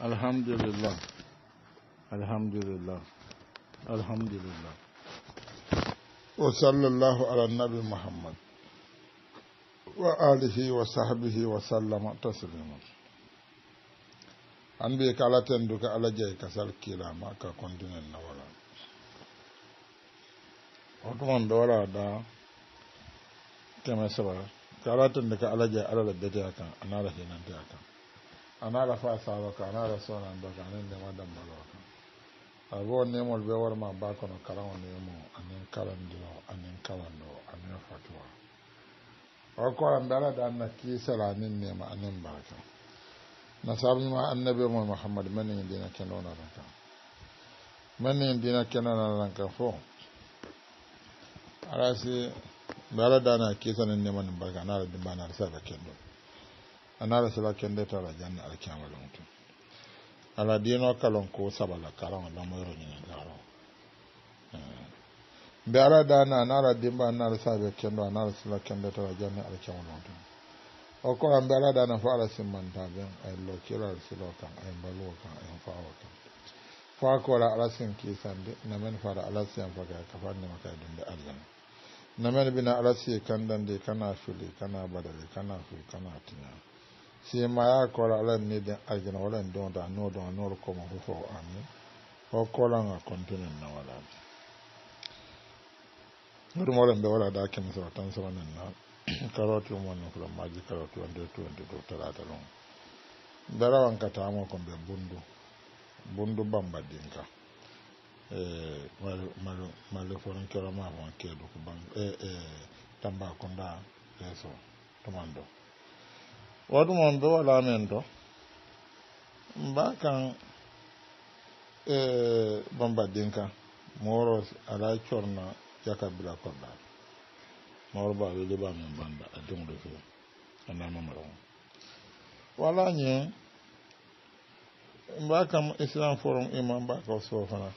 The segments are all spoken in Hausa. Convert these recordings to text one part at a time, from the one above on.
alhamdulillah alhamdulillah alhamdulillah wa sallallahu ala nabi muhammad wa alihi wa sahbihi wa sallama taslima an ɓe kala ten duka ala jeyi kasal kilama ka continuen na wala otuman ɗo wala da keme saba ka ala ten duka ala jeyi alala bete a kan anala hinante a a fa sawaka anara sona ndoka anende madam baloka ago nemol ma warma bako no karawo nemo anen kalandiro anen a anen fatuwa o an dara da anna kisala anen nema anen baka na sabni ma annabi mo muhammad mani dina kenona ranka mani dina na ranka fo arasi dara da na kisala anen nema anen baka anara dimba na ka kendo anara sila kende tara janna alkiyama lo mutum ala dino kalon ko sabala karan la moyro ni garo be ala dana anara dimba anara sabe kendo anara sila kende tara janna alkiyama lo mutum o ko an be ala dana fa ala simmanta ben ay lo kira silo kan ay baluwa kan ay fawa kan fa ko la ala sin ki kisande na men fara ala sin fa ka kafanni maka dun da aljanna na men bina ala sin kandande kana fili kana badale kana fi kana tina semaaya kola ala ni den aljana wala en don da no don no ko mo fo amin ko kola nga kontinen na wala ngur mo len be da kem so tan so nan karoti mo no ko maji karoti wonde to wonde talata non dara kata mo bundu bundu ma fon ke do ko bang eh eh tamba waɗum on ɓe waɗa men ɗo kan e bambaddin kan moro ala corna jaka bila koɗɗa moro ba weli ba min banda a dimɗo fe wala nye mba kam islam forum ima mba ka so fana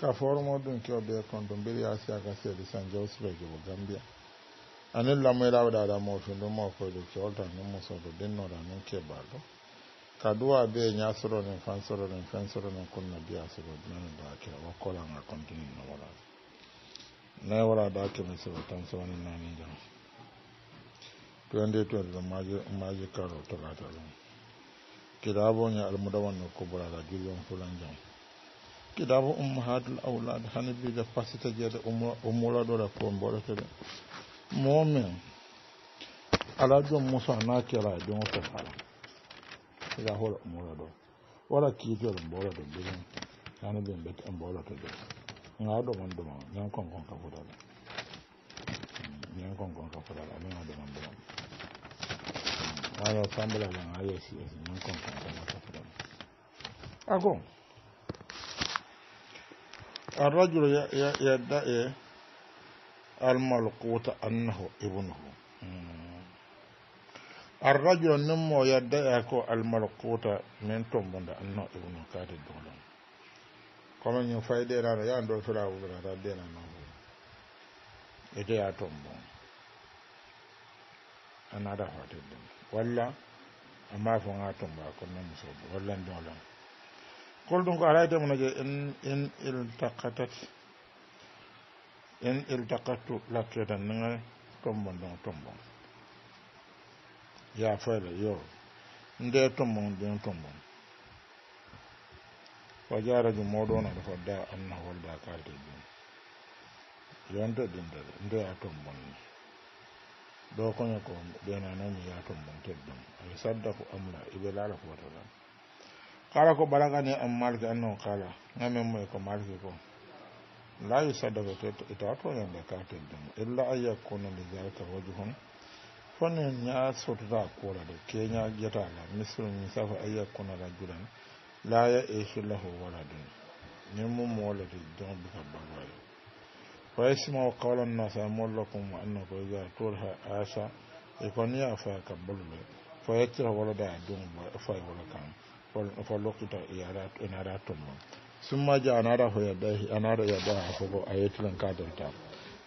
ka forum o ɗum keo ɓe konto mbiri yasiya ka seedi san jawsiɓe gambia anin lamoyrawoɗa ɗamo findo ma koyɗo nin nin o da keme soro tan sowani nani jam tuwende tuwende maji maji karo talata ɗum kitaboñe almudawanno kuborala julion fulan hani ko momin alajun musa na kira don fasara ga umura bora bin bora na man yan ka da yan ka da man yan almalkuta annahu ibnuhu arrajo nin mo yadda e ko almalkuta min tombonde annahu ibnuhu kaadi dolon comme ñin fayidenano yan do firawuɓenata denanahu ideya tombon anaada fatedde walla a maafonga tomba konna musobo walla dolon kol ɗum ko arayitemunoje in iltakatati in la lattata niŋa tombon don tombon ya fayla yo nde tombon ɗon tombon fa jaraju moɗono ɗo fodda anna da kalte ɗum yonto ɗindere nde ya tombon ni ko kono ko ɓenanami ya tombon teddum al sadda ko amla iɓe laala fotata kala ko ne an ga annon kala gamen moy ko malki ko la yusadakatoto itatoyande katen dum illa an yakuna lidalika wajuhun fonen ya sotota kola de keña jetala misiru mi safa an yakuna rajulan la ya ehi lahu waladun nin mumowolete jon bika baroye fayasimao kawlannasa mollakum annako ida tolha asa e koni ya faya ka balule fayaccira wolada dum fay wala kan fa lokita ara tonnon summa janara yadda a anara a yi ayetilan kadanta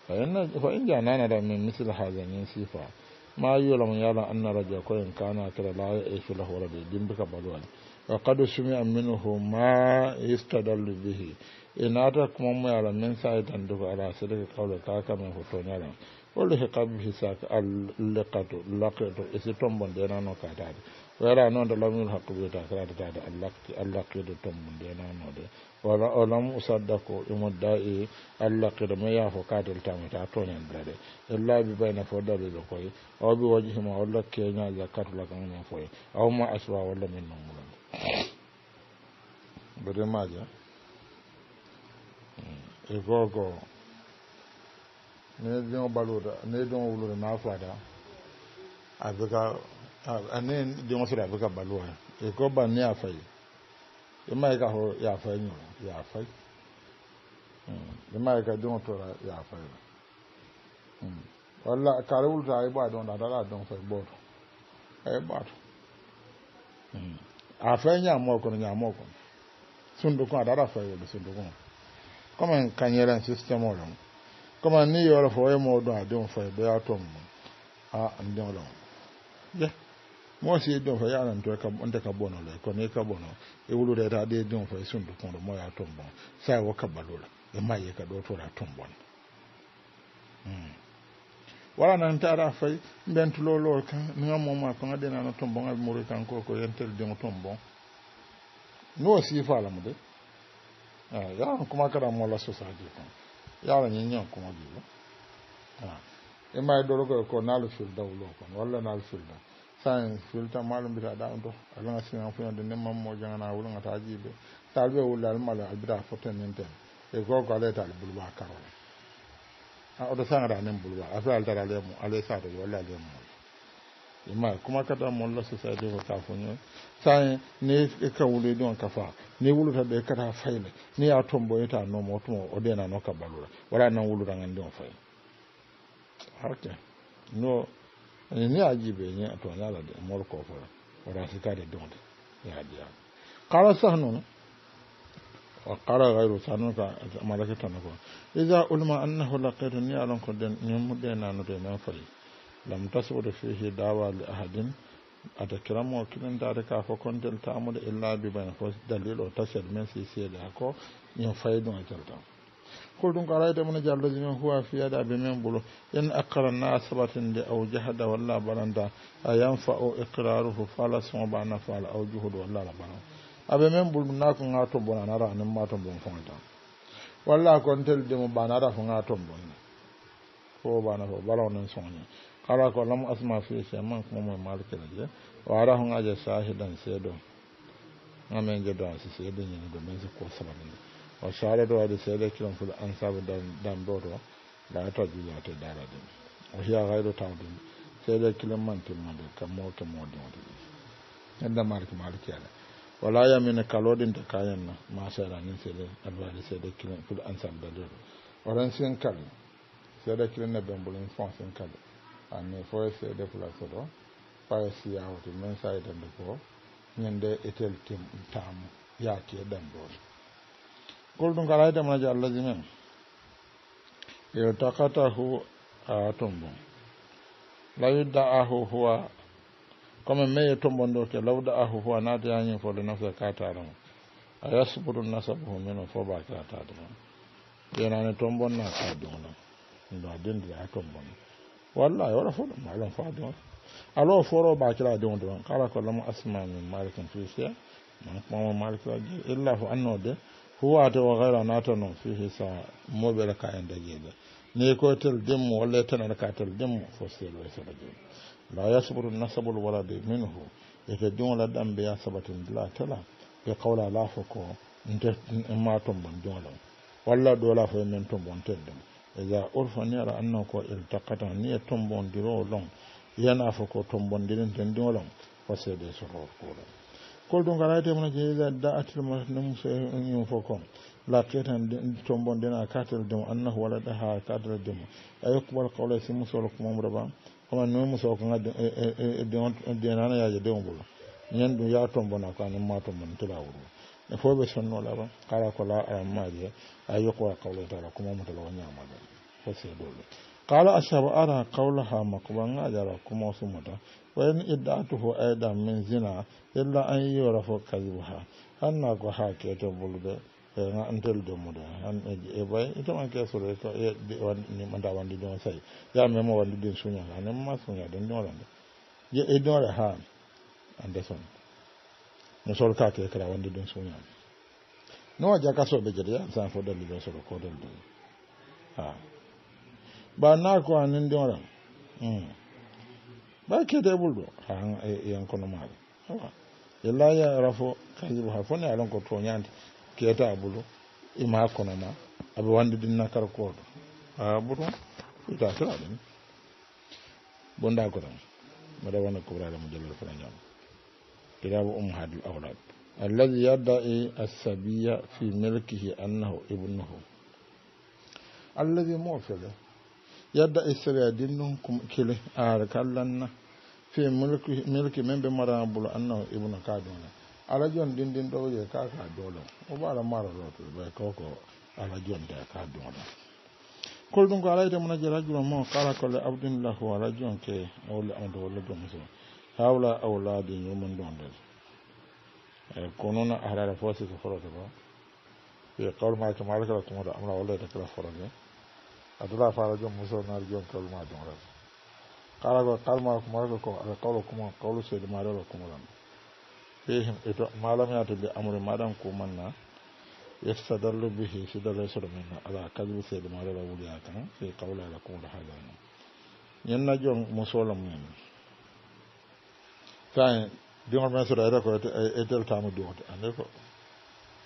fa in na da min misil hazanin sifa ma yulam yala anna raja ko in kana kira la da ishi lahu rabbi dimbika balwan wa mi aminu hu ma lubihi bihi inata kuma mu yala min sai dan duka ala sadaka kawla ka ka min hoto shi wala hiqab hisaka al laqatu laqatu isitom bonde nano kadade wera noon de lamil haqqe de wala allahqido tommu ndenanode o lam usadda ko imudda i allahqido mi yaafo katel tamita toñal blade illa bi bayna fo dalilo koye aw bi ma wajihima walla keñaja katulakamuña foye ma aswa wala min nongulande bode maja e gogo ne ɗon ɓaluda ne ɗon wulude na fada a ɛne deɛ wɔn sɔrɔ afirika baluwa ekɔ ba ne afa yi ema yi ka hɔ yɛ afa yi nyɔrɔ yɛ afa yi ema yi ka deɛ wɔn tɔra yɛ afa yi a ayi bɔ afa yi kɔnɔ kɔnɔ sundukun a dara afa kɔmi kanyɛrɛ sisitɛmu ni yɔrɔ fɔ o ye dɔn a fɛ bɛɛ y'a tɔ mosi si fo yaran to onde ka bono le kono ka bono e wulude ta ɗe ɗum fo e sundu kono moya tombon sa wo kabbalula e, e mayye ka ɗo tora tombon hmm. wala na nan tara fay mbentulolol kan niga moma ko gaɗenano tombon al muri kan ko ko yentel demo tombon no sifalamu de yaran kuma kada mola sosaji kon yaran ñiñan kuma jiba e may ɗoro koye ko naalu fildaw lo kon walla naalu fildaw san sulta malum bi da ando ala na sinan funa de nemam mo janga na wulu ngata jibe talbe wulu al mala albida foten nente e go go ale tal bulwa karo a odo sanga da nem bulwa afa al tara lemu ale sa do wala lemu ima kuma kada mo la sa society ko ta fu ne sai ne e ka wulu don fa ne wulu ta be kata fayle ne a tombo eta no mo to o de na no ka balura wala nan wulu rangan don fayle harke no ni a bai yi a tuwa nyala da mor ko wadda su ta da don ya dia qara sahnu wa qara ghayru sahnu ka malaka tan ko idza ulma hula laqitun ni a ranku da ni mu de nanu de na fali lam tasbudu fihi dawa li ahadin ta kira da da kafa ka ta kontel da illa bi bana fo dalilo sai sai da sede ko faidun a ataltam kul da ko jallo mono huwa men huwa fiyadaɓe men bulu in akara na akkaranna da au jahada walla baranda a yanfa o iqraruhu fala sogo bana fala aw juhudu walla ala bana aɓe men ɓul ɗum na ko ga tombo nanara anin ma bon fonta walla kon tel teldimo banara fo ga tombon fo bana fo balaw nen soñi kala ko lam asma fi kuma mai malike malkele je wa ra hun gaje sahidan seeɗo gamen jeddo an si seeɗo ne ɗo men ko sabatinde o du ɗo waɗi seeɗa kilon fuɗa ensemble dan ɗo to laata julate darade o hiya hayɗo tawdum seeɗa kilon mantimade kammo ke modiode edda marki maliki ala wala yamine kaloɗinte kayenna ma seeɗa nin seeɗa aɗa waɗi seeɗa kilon fuɗa ensemble dan ɗo to oren sin kali seeɗa ne ɓen mbolin fon sin kali anni fo e seeɗa place ɗo faye siyawti min sayidande ko ñande etel tim taamu ya ke dan ɗoto kul ɗum kala hayde manaji allahji men yo takatahu a tombo layudda ahu huwa comme meye tombon ɗo ke lawda ahu huwa naata yañi fo de nafsa kataramo a yasbudu nasabuhu mino fo ba ta katade yana ne tombon na ka da ɗum a dendiri ha tombon wallahi waɗa fo ɗum alon fa dum alo foro bakira da ɗum kala ko lamu asma min malikin fi sia man kumamo malikira illa fo anno huwa ta wa gaira na ta nufi fi sa mobe da kayan da gida ne ko tel mu wallai tana din mu dimmu fo sai lo sai da gida la yasburu nasabul walad minhu ita jumla dan biya sabatin la tala ya kaula la fa ko nte ma ton bon jumla walla dola fa men ton bon tedde iza urfa ra annan ko iltaqata ni ton bon yana fa ko ton bon dirin ten jumla fo sai be so ko kol ɗum gara temana jeeɗa da attirma nemu ñum fof kon lakketen tombon ndena katel demo wala da ha kadal demo a yokkubal kawla si musol ko mamraba kono no musol ko denana e, e, e, yaje dewgol ñen ɗum ya tombona ko anin ma tombon tilawuru e fof ɓe sonnoɗaba kala ko la arammaje a yokkubal kawla taala ko mamutalawa ñamaɗa fo seedolɗo qala ashaba ara kawlaha makko ɓa ngajara ko mosumata وإن إدعته أيضا من زنا إلا an ha ande son a ɓa baa kede bul do yankono e, e, maaɓe illaya rafo kañiru ha fone alanko toñaande keeta bulo ima e kono ma aɓe wande dinna kara kooto a ɓuton fitatiraɗum bonda ko tan mbaɗa wona kobraɗe mo jallal fona ñam kitabu um hadil aulad alladi yaddae assabiya fi melkihi annahu ibnuhu alladi mofele yadda isra dinnu kile ar na fi mulki mulki men be mara bul anna ibnu kaduna ala jon din din do je ka ka dolo o bara mara do to be ko ko ala jon da ka dolo kol dum ko alayta mun jara julo mo kala ko le abdun lahu ala jon ke awla ando wala do muso hawla awladi yumun don dal e, konuna ahlala fosi ko foroto ko ye qawma kama alaka tumara amra wala takra foroto adula fara jom muso nar jom kalma don ras kala go kalma ko margo ko ala qawlu kuma qawlu sey ma dalo kuma ran fihim ito malam ya to bi amru madan ko manna yastadallu bihi sidala sur minna ala kalbu sey ma dalo wuli akan fi qawla ala kuma hadan nyen na jom muso lam men tan diŋol men soto ete ko etel taamu diŋote ande ko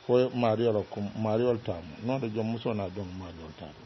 fo maariol ko maariol taamu noon to joom musona ɗon maariol taamu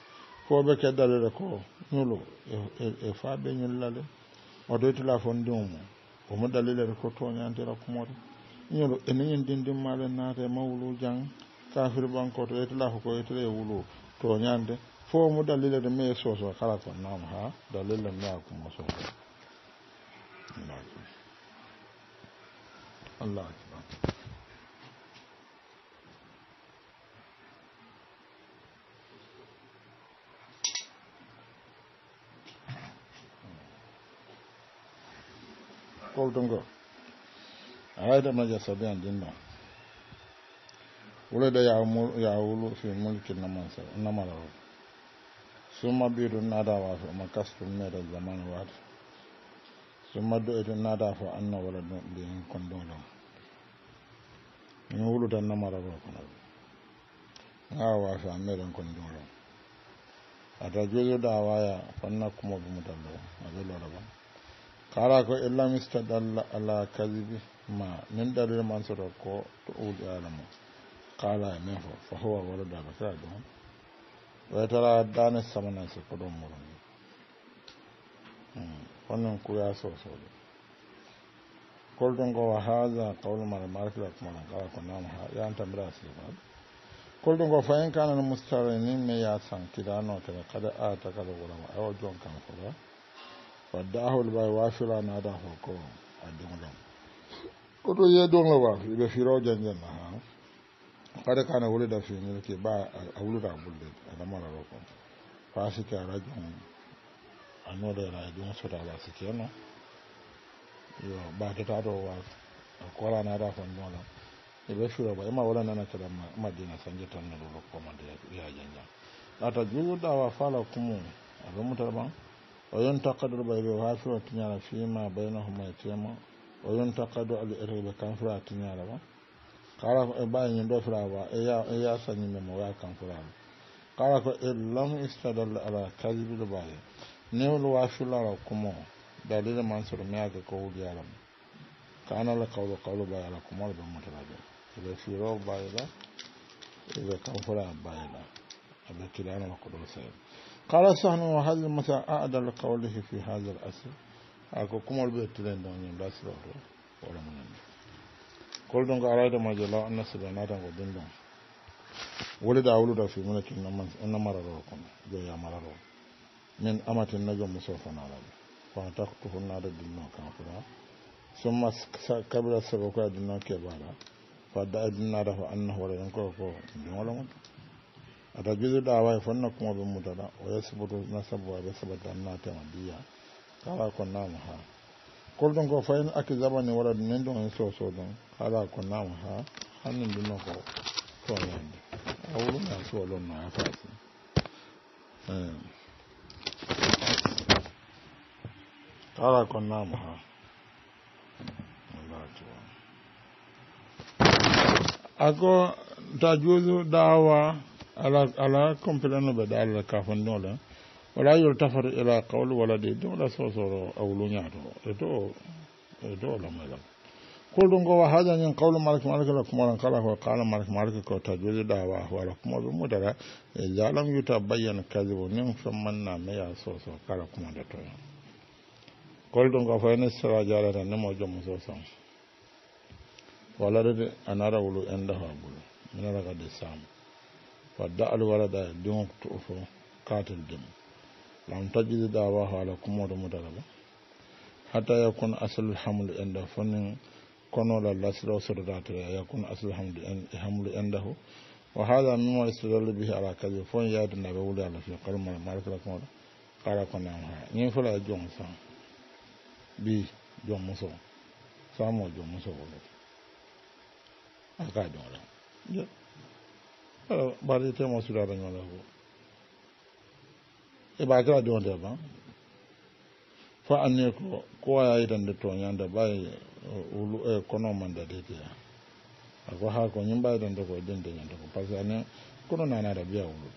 ke keddalele ko nulu e fa be faaɓe ñullale o doytula fondiŋo o mo dalilere ko to toñantira kumore ñulo eneñin dindimmale naate mawlu jang kafir ko to ko ko yetere e wulu toñande fo mo dalilere me so so kala ko nam ha dalille me kumo so allah akbar foltongo ayda maja sabiyan dinno wulada yawulu fi mulki namalawo summa biɗum nada wafo ma kastum meda zamanu waata summa do'etum nada fo anna wala ɗum ɓeyin kondolon min wulutan namalawo kono nga waasa meɗen kondolon ata da waya fanna kumoɓe mutallo aɓe loɗa ban kara ko mista dalla ala kazibi ma min dalil man sura ko to udi alamo kala e min fo fa howa wala daba kala wa tara dana samana su ko ɗon muro ni honnon kuya sosoɗo kolɗon ko wa haha qawlu mara markila na kala ko nama ha su ba kolɗon ko fa kanan kana ni me ya kidano ta kada ta kada wurama awa jon kan ba waddahol bay wafira na fo ko a dunɗon koto ye donlo wa ɓe firo janjanna ha kade kane wulida finir ke ba a wulida bulle adamararo ko fa sike ara jon a nuna noɗera e jon sota ala sikeno yo ta to wa a na naada fon jonlam eɓe firo ba ima wala nana keɗa madina sanje tannuɗo lokkomade ya janjan ata juluɗawa fala kumu aɓe mutata ɓan وينتقد البيض وافر وتنيالا فيما بينهما يتيما وينتقد الإرهب كنفرا تنيالا قال باين يدفرا وإيا إيا سني سنين موا كنفرا قال إن لم يستدل على كذب الباي نيول وافر لا كمو دليل منصور مياك قول يالم كان القول قول باي لا كمو بمتراجع إذا في رو باي لا إذا كنفرا باي لا أبكي لأنا وقدر سيد قال سهن وهل مثلا أعدل قوله في هذا الأسر أكو كمال بيتلين دوني بس بحر ولا من كل دونك أراد ما جلا أن سبنا دونك دين دون ولد أولد في ملك إنما إنما رأوكم جاي رو من أمة النجوم مسوفا على فانتقته النار الدنيا كافرا ثم قبل السبب كادنا كبارا فدأ الدنيا رفع أنه ولا ينكره دون ولا من دون ata juzu ɗawa kuma ɓe mutata nasabu sabata kala ha ko fayin aki zaba ne ɗum nen kala ha ko a wuruna eh. kala ha ako tajuzu dawa ala ala compléno ɓe ɗaalla kafanndiole wala yol tafat ila kawle wala ɗe ɗumɗa sosoro awluñaato e to e to lamaylam kolɗu ngowa haajañen kawle malke malke la kumoran kala ko e kala malke malke ko tajwide ɗawa wala kumoɓe mudara e jalam yuta bayyan kadibo nin fammanna meya soso kala kumode to hen kolɗu ngo fayne sara jalata nemo joomu sosan wala ɗede anara wulu enda ha ɓulu minaraga de samo wadda alwarada diŋo fo katel diŋ lam tajidi dawahu hatta yakun kono la yakun wa hada mima istadallu bihi ala kadi fon yaade naɓe wuli ala fi kalmal malkira komoɗo ha ba bari temo da ñola ko e ɓa kira jonte ba fa anni ko kowa yitande toñande ɓayi wulu kono man dadeteya ako ha ko ñim ɓayi dande ko denteñande ko par ce que ani kono nanata biya wulu.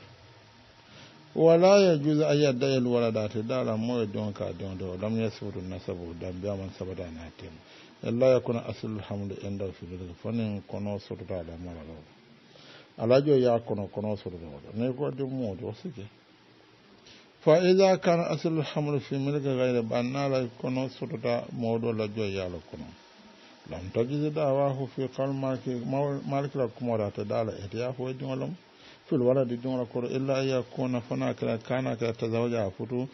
wala ya yajuse an yadda da ta dala moye don ka na sabu donde o lam yasibutu nasabu dan biyaman sabata natema ella yakuna aslul hamdu endal filirde fonin kono sototaɗa maralaw alajo ya kono kono surgomoɗo ne ko ɗum muudo sije fa iza kan asl hamlu fi milka banna la kono da la mawɗo ya la kono lam wa hu fi kalmaki da ta dala etiya fo e dum lam fil dum la koto illa ya kono fana kala kana ka tazawaja a futu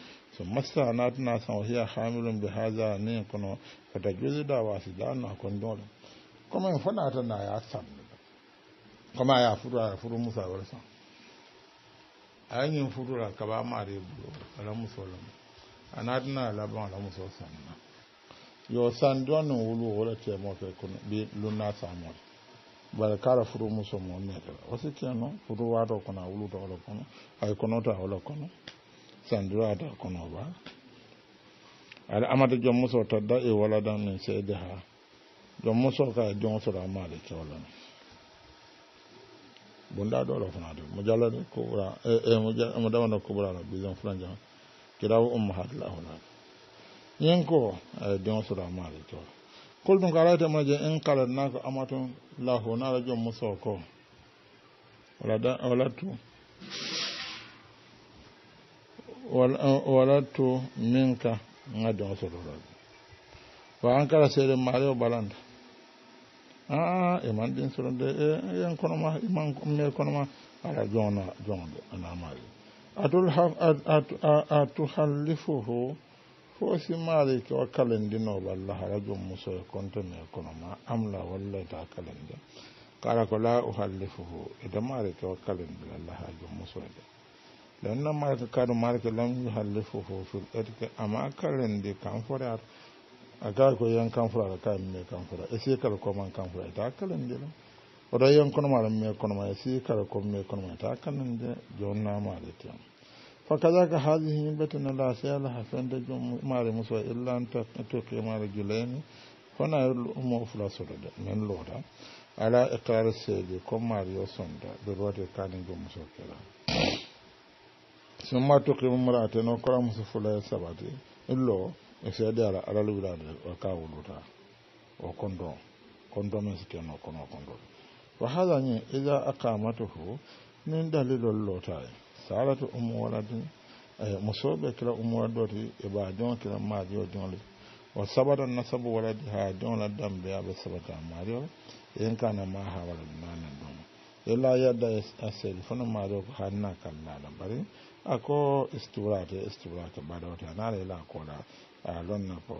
na sanatina san wa hiya hamilun bi hadha ni kono fatajusi da si da na kon diŋolom comme fana ta na ya san kama ya furu a furu musa warsa a yanyin furu a kaba ma da ya bulo ala musa lam a na dina laban ala muso sanna yo san donin wulu wala te mo fe kun bi luna samu bari kala furu muso mo me da wasu kenan furu wa do kuna wulu do wala kuna ay kono ta wala kuna san dura da kuna ba ala amada jom muso tadda e wala dan ne sai da ha jom musa ka jom sura ma da amata ke wala ne bunda ɗo ɗo fana de mo jallani kubra e eh, eh, mo dawano kubra la bisan fulan jama kirawo umma hadla hona yen ko ay eh, don ma mari to kol ɗum karayte mo je en kala na nako amaton hona la jom muso ko wala da wala tu wala tu minka ga so do wa an kala seede mari o balanda a ah, iman ɗin e en konoma iman me konoma ala jona fo walla jom muso e konto me amla walla ta kala ko la uhallifuhu e damaari ke wa kalendi walla hara jom muso fil ama kalendi kan aka ko yan kanfura ka kan mai kanfura a sai kar ko man kanfura ta kalin dela o da yan kono malam mai kono ma sai kar ko me kono ma ta kalan de jonna ma da ta fa kaza ka hazihi batana la sayala hasan da jum mare musu illa anta to ke mare gilaini fana mo fula sura da men loda ala iqrar sedi ko mario sonda da rote kanin jum musu sun ma to ke mara ta no kora musu fula sabati illo seede ara aralu wirade o kawuluta eh, o kondo kondo men sikkeno kono kondo wa hada ñi ida aqamatuhu min dalilol lootaye salatu ummu waladin eyi musoɓe kila ummu waddoti e ɓa jon kila maajo jonle wa sabata nasabu waladi ha jonla dambe aɓe sabata maario yen kana ma ha waladi nanen ɗum illa yadda a seedi fono maario ko na kallaɗa bari ako istibrate istibrate ɓaɗawte anaala ila koɗa a lonna ko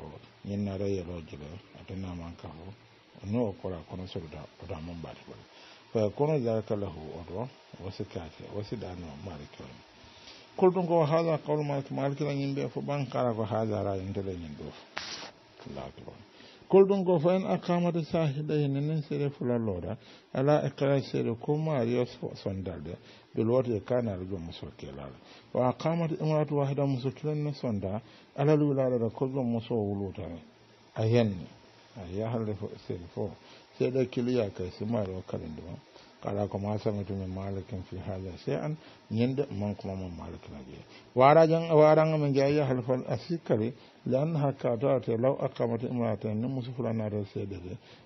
ñinnaro yelo jile atena man kafo no kora kono soruda oda mon mbati bol fa kono dalika lahu oɗo wasi kake wasi dano malikewol kulɗum ko haala qawlu malik malik la yimɓe fo ɓan kala ko haala ra intele ñin ɗo fo kolɗum go fo da akkamata sahiɗayi nenen sere lora ala ikra sere ko maariyo sondalde bilwoto e kanare jom muso kelala o akkamata imratu wahida muso kilanne sonda da wilaɗata ko jom muso wulutani a yenni a yahalle sere fo da kiliya kay si maari kala ko masa mutum min malikin fi hada sai an yanda man kuma man wara aje warajan waran mun ga ya halfal asikare lan haka ta ta law aqamat imata nin musufura na da sai da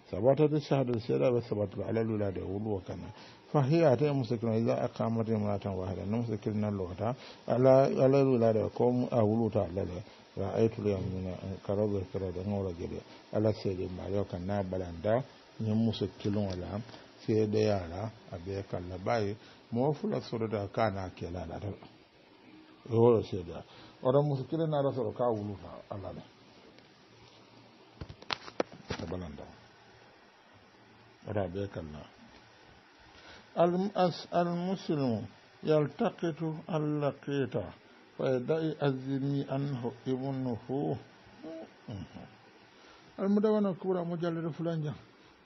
sabata da shahada sai da sabata alalula da wulu kana fahiya ta yi musakin za imata kama da matan wahada na musakin ala alalula da ko a wuluta alala wa aitu ya mun karo da da ngora gele ala sai da ma yau balanda yin musakin wala sai da yara a bai kalla bayi mo fula soro da kana ke lalata da sai da musu muskilin na rasoro ka wulu Allah ne tabalanda ora bai kalla المسلم يلتقط اللقيط فيدعي الذمي wani ابنه المدونة كبرى مجلد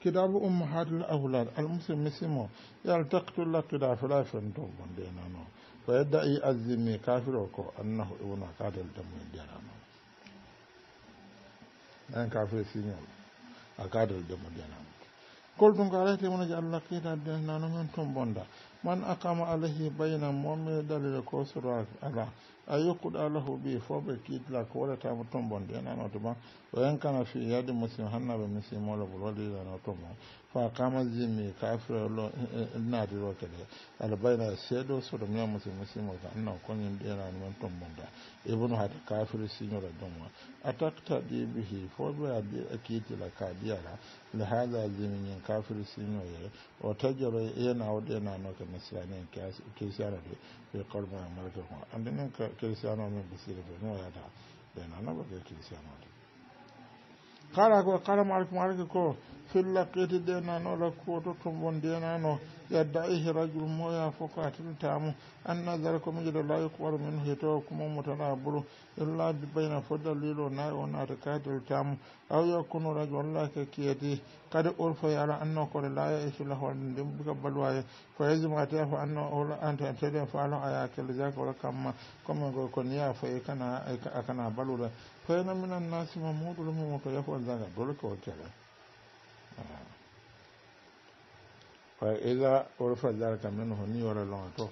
Kidabu Umma, kitabu ummahatul aulad almuslim misimo yal taqtulla kida fula fento bonde nano fa yadda'i azzimi kafiro ko annahu ibnu kadal tamu jarano an kafir sinyal a kadal da jarano kol ɗum ko alayte wona je allah kiitade nano men toon bonda man aqama alayhi bayna momme dalila ko suraki ala ayyukuɗa lahu bi fo ɓe kiitla ko waɗatamo tombonde enano to ban o yadi kana hanna yaade musim mola musimolo bol waɗirano tombo fa kama zimi kafira lo eh, eh, na diro kede albayna sedo sodo mi musi musi mo ga e e na ko nyim de na non ton bunda ibnu hat kafir signora donwa da di bihi fo do ya bi akiti la kadiyara la hada zimi nyin kafir signora o tajoro e na na no ka mislani kas kisara de be qalba amarka ko andene ka kisano min na no kala ko kala mo alko alko ko filla nano la ko to tombon denano yadda ihi rajul moya fo ko atintamu anna ko min jada layi ko min hito kuma mutana buru illa bi bayna fo lilo na o na ta kadil tamu aw yakunu rajul la ka kiyati kad urfa an no ko la ya ishi lahu dim buka balwaye fa zuma ta la an ta anta de fa ala ayakal zaka wala ko kuma go fo e kana akana balula فإن من الناس من موت لهم وتيقول ذلك دولك وكذا فإذا عرف ذلك منه ني ولا لونتو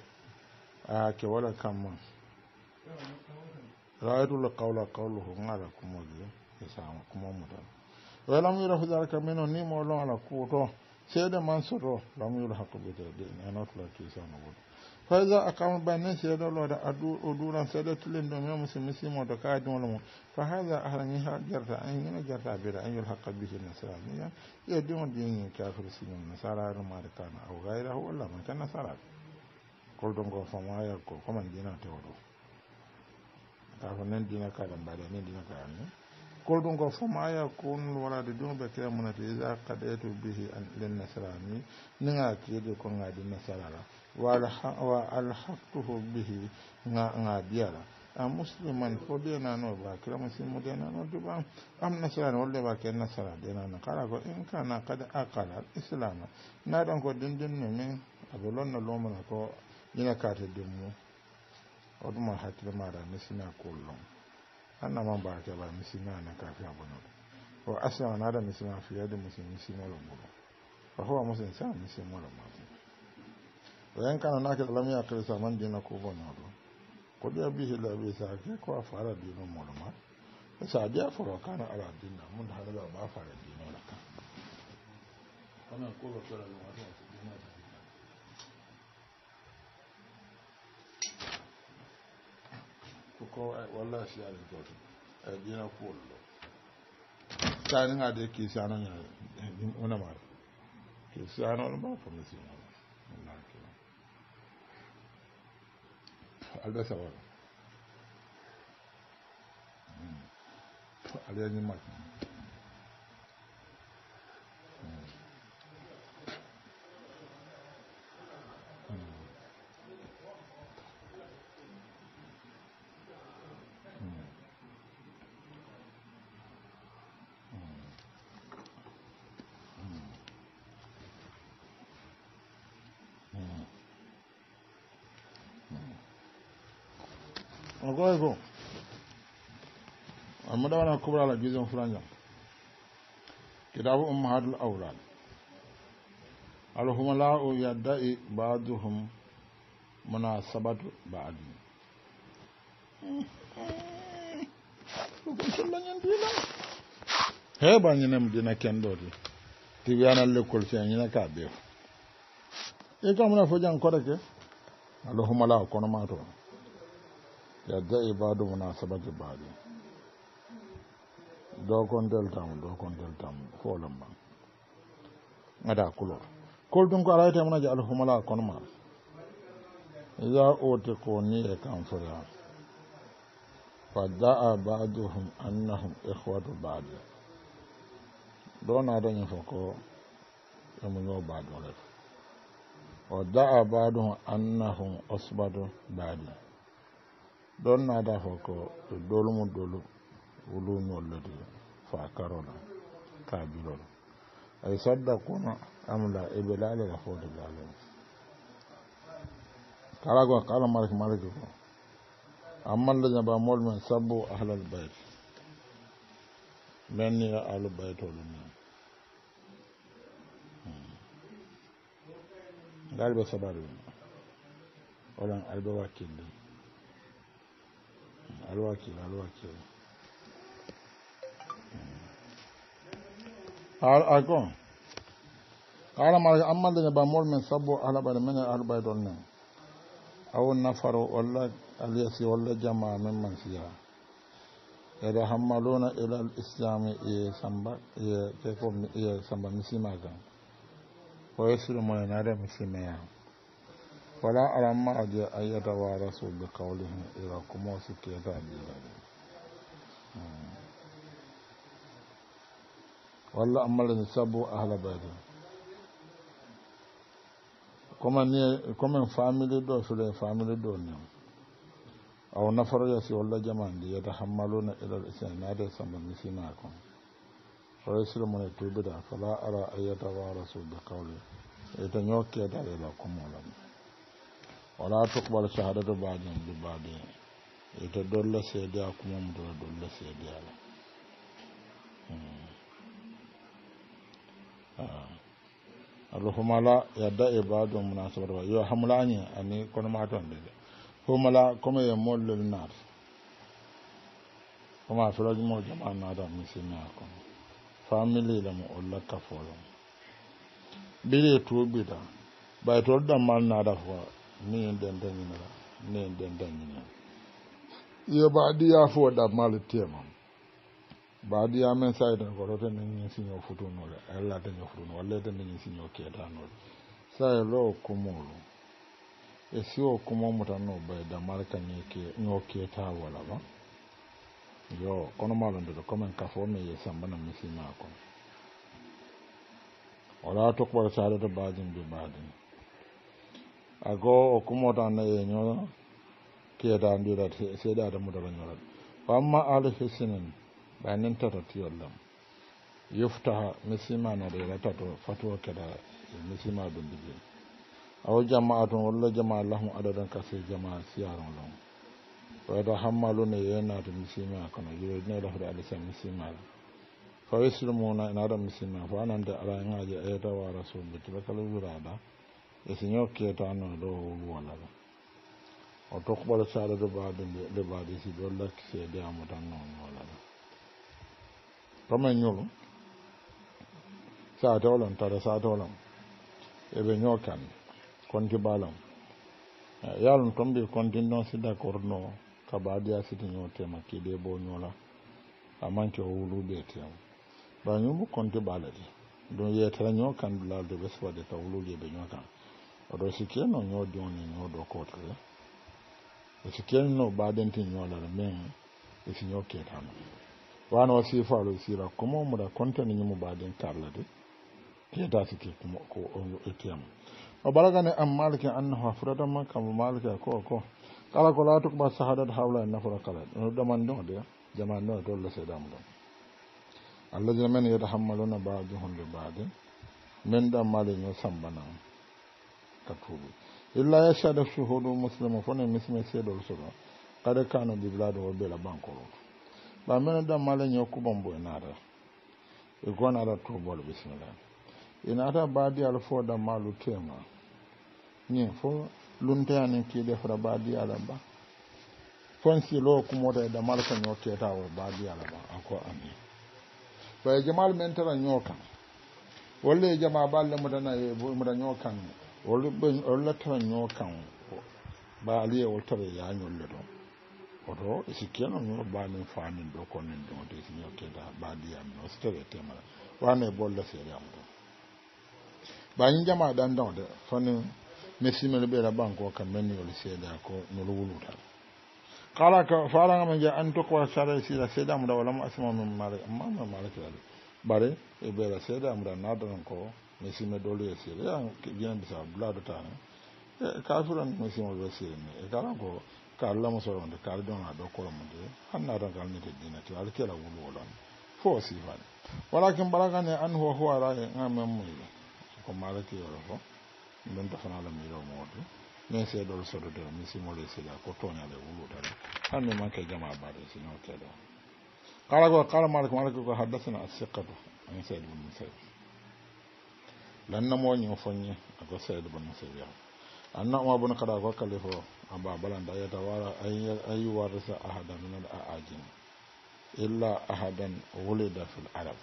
آك ولا كم رأيت القول قوله ما لكم وجه يسامكم ومتن ولم يرف ذلك منه ني مولون على كوتو سيد منصور لم يلحق بتدين أنا أطلع كيسان وقلت faiza akam banen seeɗo looda o duuran seeɗo tulen ɗo men musi misimoɗo kaadimol mum fa haha arani ha jarta ina jarta bira an yol haqqa bihi nasraniya yo dimo dinin kafir simin nasara rumade kana aw gayrahu walla man kan nasaraɓe kolɗo ngo famayal ko koman dina tewɗo kako nen dina ka kaɗa mbaɗe ni dina ka ni ne ngo fof ma aya kon walade jumɓe kiramunate isa kaɗeto bihi an len nasarani niga keede ko gadi nasarala walhaqtuhu bihi nga nga biyala a musliman na no ba kira de na no duba am nasara no wolle ba ke nasara de na na kala ko in kana kada akala islam na don ko dindin ne min abulon na lomo na ko ina ka ta kata dimmu oduma hakil mara misina kullum anna man ba ta ba misina na ka fi abono ko asama na da misina fiye da musulmi misina lo mulo ko huwa musulmi sa misina lo mulo wayan kana nake alamu ya kare saman dina ko ba nodo ko da bihi hila bi sa ke ko fara dina mulma sa dia fara kana ala dina mun da hada ba fara dina la ka kana ko ba fara eh, dina ko ko wallahi shi ala ko dina ko lo tani ngade ki sano nya ona mar ki sano ba fo mesi albasa wala mm. to koye ko almudawana kubra la jusion fulanjam kitabu ummahatul awlad alhumalau yaddai baduhum munasabatu baadi kullañandila heɓa ñinem dina kenɗoti tiwiyanal lekkol fe ñine ka beef e kamuna fo jang koɗeke alhumala kono ma toon yadda ibadu munasabati baɗi dokon mu dokon deltamu ba ban da kulo kol ɗum ko alayte ji alhumala kono ma ya oti ko ni e kan foya fa daa baduhum annahum ihwatu baadi ɗo naatañi fo ko emu yo baadolete wa daa baduhum annahum usbatu baadi don na da naada e fo ko ɗo dolu mum ɗolu wuluñollodi fa karola kabilol ay sadda kuno amla eɓe laalira fode laalel kala go kala marki marki ko ammallaña bamol men sabbo ahlal bayt menniya ahlu baytolu men hmm. ngal ɓe sabaru wala alɓe wakkilde alwa kila alwa kila ako kala mara amma da ba mol men sabo ala ba men al ba don nan aw nafaro walla aliyasi walla jama'a min man siya yada hammaluna ila al islam da misima wala alamma aje an yata wa rasu bi kawulihin ira kuma wasu ke ta biya wala amala da sabo a halabari kuma ne kuma family do su da family do ne a wani farar ya ce wala jama'an da ya ta hammalo na ilar isa na da saman nisi na kan farai mu ne tubi da fala ara ayyata wa rasu bi kawulihin ita yau ke da ila kuma wala wala tuqbal shahadatu ba'din bi ba'din ita dolla seedeya kuma mu dora dolla seedeya la hmm. ah. alhumala yadda na baɗum munasabat ba yo hamulañi ani kono ma ton dede humala comme ye mollol naata koma filoji mo jama naata misinna kono familila mo olla kafolom nindende nyinara nindende nyinara iyo baadi ya fuwa da mali tema baadi ya men saida koro te ne nyin sinyo futu nore ella te nyo futu nore lete ne nyin sinyo kieta nore saye lo kumulu esi o kuma muta no bai e da mali ka nyo kieta wala ba yo kono malo ndoto kome nkafo me ye samba na misi mako wala atokwa sa alata baadi mbi baadi mbi E e a goo o kumotanna e ñoo keeda ndiɗa seeɗaade mudara ñorat o amma ala hisinen ɓa nen tata tiyollam yuftaha misimanoɗe ratato fatuo keɗa misima dumbiɗi awo jamma a toon walla jama lahmu adadan kase jama siyaron lon wayta hammalune yeenaate misima kono yironeɗafde alisa misimaɓe fa wislumuna ene aɗa misima fo anande alaŋaji ayetawa rasul bitibakala wiraɗa e siñoo keetaano wala la o tokɓol saala ɗo baaɗo ɗo baaɗo si ɗo lakki seede amo tan noon wolala comme ñolu saatoolon tara saatoolon eɓe ñookan konti baalam yaalum comme mbi kontin noon si d' accord no kabaadiya siti k'i de bo ñoola a manque o wulu wuluɓe tem ba ñumu konti ɓaalete ɗum yeetara ñoo kan laalde ɓe suwade ka wuluɗe ɓe ñoo kan oɗo sikkeno ñoodi woni ñoodo kootore e sikkeno baadenti ñoolere men e si ñookee tan waano o siifaalo e siira kumo mura contene ñumu baaden karla de keeta sikke kumo ko etiyam o ɓaragane am malike annahu a furatama kamo malike ko ko kala ko laatu koɓa sahadat hawla e nafora kala no ɗamanno de jamanno e tolle seedam ɗon allah jina men yeeta hammaluna baaju hunde baade men ɗam maaleño sambanam tatubu illa ya yashhadu shuhudu musulman fone da seedol ba kada kano diblado o bela bankoro ba da malin ya mene dammale ina da e naata tubar bismillah ina ta ba di alfo da malu tema ni fo lunta lunteyanin kiiɗe fota baadiyala ba di fon silo kumota da dammal ne ño ta wa ba di ako amin ba ya jamal mentara nyoka ño jama'a walla e jama balle mutana mutana nyokan kanne oɓe ollatara ño kan baaliye ol tara yañolle ɗon oto e sikke noon yo baamin faanin ɗo konnin ɗon te ñotteda baaliyami noon so tawi temara wano e, e bolla seeri am ɗon bañi jama ɗanndaode fani mi simele ɓeyra banque o kam menniyole seeda ko nolo wuluta kala ka faragama jee an to ko sara e sira seedamuɗa walla mo asimamin mare mamin marekirade bare e ɓeyra seedamuɗa naadanan ko misime dolu ye siri yan jɛn bisa bula dɔ taa ne kafiro ni misime bɛ siri ne e kari lamu sɔrɔ nde kari dɔn ka dɔ kɔrɔ de hali n'a dɔn kari ne tɛ diinɛ tɛ ale kɛra wulu o la fo o sifa walakin baraka ne an hɔ hɔ ara ye n ka mɛ mun ye ko maale tɛ yɔrɔ fɔ n bɛ n ta fana la miiri o mɔgɔ don ko tɔnya le wulu da la hali ne ma kɛ jama ba de sin'o tɛ dɔn قال قال مالك مالك حدثنا الثقة عن سعيد بن مسعود lanna mo ñin foñi ko sayd banu sayd anna umar bun kada ko kalifo aba balanda ya tawara ay warisa ahadan min al aajin illa ahadan wulida fil arab